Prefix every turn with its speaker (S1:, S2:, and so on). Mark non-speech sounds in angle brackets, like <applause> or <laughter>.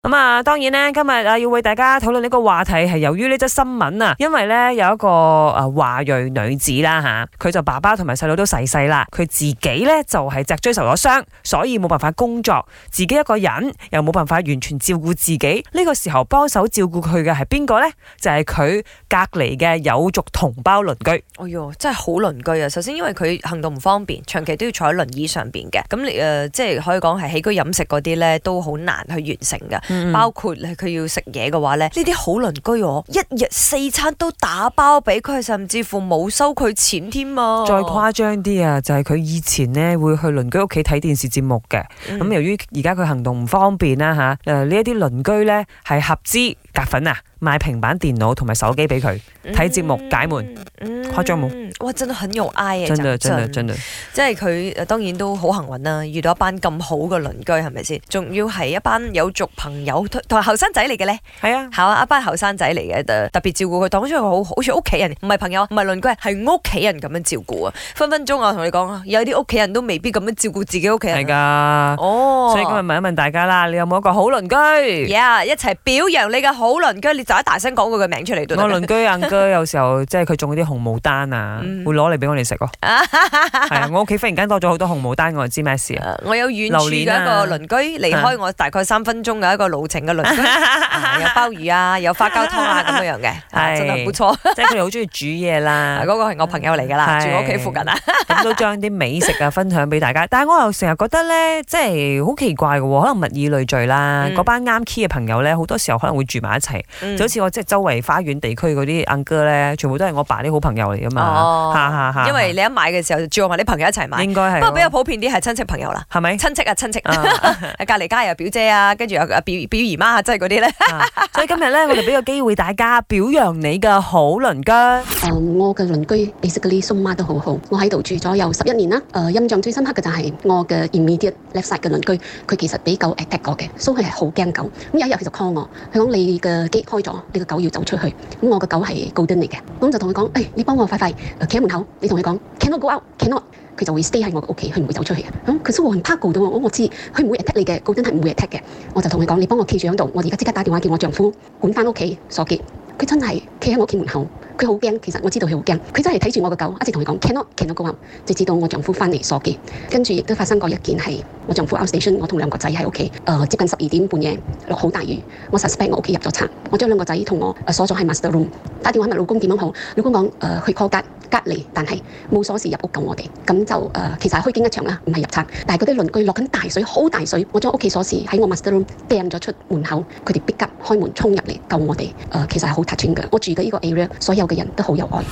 S1: 咁啊、嗯，當然呢，今日啊要為大家討論呢個話題，係由於呢則新聞啊，因為咧有一個誒華、啊、裔女子啦吓，佢、啊、就爸爸同埋細佬都逝世啦，佢自己咧就係、是、脊椎受咗傷，所以冇辦法工作，自己一個人又冇辦法完全照顧自己。呢、這個時候幫手照顧佢嘅係邊個呢？就係、是、佢隔籬嘅友族同胞鄰居。哎喲，真係好鄰居啊！首先，因為佢行動唔方便，長期都要坐喺
S2: 輪椅上邊嘅，咁誒、呃、即係可以講係起居飲食嗰啲咧都好難去完成嘅。包括咧，佢要食嘢嘅話咧，呢啲好鄰居哦，一日四餐都打包俾佢，甚至乎冇收佢錢添啊！再誇
S1: 張啲啊，就係、是、佢以前咧會去鄰居屋企睇電視節目嘅，咁、嗯、由於而家佢行動唔方便啦吓，呢一啲鄰居呢係合資夾份啊，買平板電腦同埋手機俾佢睇節目解悶。嗯嗯嗯、
S2: 哇，真係很有、啊、真嘅，真的真的，真的真的即係佢當然都好幸運啦、啊，遇到一班咁好嘅鄰居係咪先？仲要係一班友族朋友同埋後生仔嚟嘅咧，係啊，係啊，一班後生仔嚟嘅，特特別照顧佢，當咗佢好好似屋企人，唔係朋友，唔係鄰居，係屋企人咁樣照顧啊！分分鐘、啊、我同你講，有啲屋企人都未必咁樣照顧自己屋企人、啊。係噶的哦，所以今日問一問大家啦，你有冇一個好鄰居？Yeah, 一齊表揚你嘅好鄰居，你聲就喺大聲講佢個名出嚟。我鄰居鄰
S1: 居有時候 <laughs> 即係佢種啲紅毛單啊，會攞嚟俾我哋食咯。
S2: 係啊、嗯
S1: <laughs> 我屋企忽然間多咗好多紅毛丹，我就知咩事啊、呃。我有遠處嘅一個鄰
S2: 居，離、啊、開我大概三分鐘嘅一個路程嘅鄰居，嗯 <laughs> 啊、有鮑魚啊，有花膠湯啊咁樣嘅是、啊，真係唔錯。 <laughs> 即係佢哋好中意煮嘢啦。嗰、啊那個係我朋友嚟噶啦，是住我屋企附近啊。咁都將啲
S1: 美食啊分享俾大家。但係我又成日覺得咧，即係好奇怪嘅，可能物以類聚啦。嗰班啱 key 嘅朋友咧，好多時候可能會住埋一齊。嗯、就好似我即係周圍花園地區嗰啲 uncle 咧，全部都係我爸啲好朋友嚟哦，因為
S2: 你一買嘅時候就叫埋啲朋友一齊買，應該係，不過比較普遍啲係親戚朋友啦，係咪親戚啊？親戚喺，啊、隔離家又表姐啊，跟住有表表姨媽啊，即係嗰啲咧。
S3: 所以今日咧， <laughs> 我哋俾個機會大家表揚你嘅好鄰居。誒、uh，我嘅，呃、鄰居，你識嘅李叔媽都好好。我喺度住咗有十一年啦。誒，印象最深刻嘅就係我嘅 immediate left side 嘅鄰居，佢其實俾狗，誒、attack 過嘅。所以佢係好驚狗，咁有一日佢就 call 我，佢講你嘅機開咗，你嘅狗要走出去。咁我嘅狗係高登嚟嘅，咁就同佢講：誒、哎，你幫。我快快誒，企喺門口，你同佢講，cannot go out，cannot，佢就會 stay 喺我屋企，佢唔會走出去嘅。咁佢雖怕狗，我知道，佢唔會 attack 你嘅，Golden 係唔會 attack 嘅。我就同佢講，你幫我企住喺度，我而家即刻打電話叫我丈夫趕翻屋企鎖結。佢真係企喺我屋企門口。佢好驚，其實我知道佢好驚。佢真係睇住我個狗，一直同佢講，Cannot，Cannot，Go On。Ot, cannot」，直至到我丈夫翻嚟鎖機。跟住亦都發生過一件係我丈夫 outstation，我同兩個仔喺屋企。誒、呃、接近十二點半夜，落好大雨，我 suspect 我屋企入咗賊。我將兩個仔同我誒鎖咗喺 master room，打電話問老公點樣好？老公講誒、呃、去 call 隔隔離，但係冇鎖匙入屋救我哋。咁就誒、呃、其實係虛驚一場啦，唔係入賊。但係嗰啲鄰居落緊大水，好大水。我將屋企鎖匙喺我 master room 掟咗出門口，佢哋逼急開門衝入嚟救我哋。誒、呃、其實係好 touching 嘅。我住嘅呢個 area 所有嘅人都好有愛。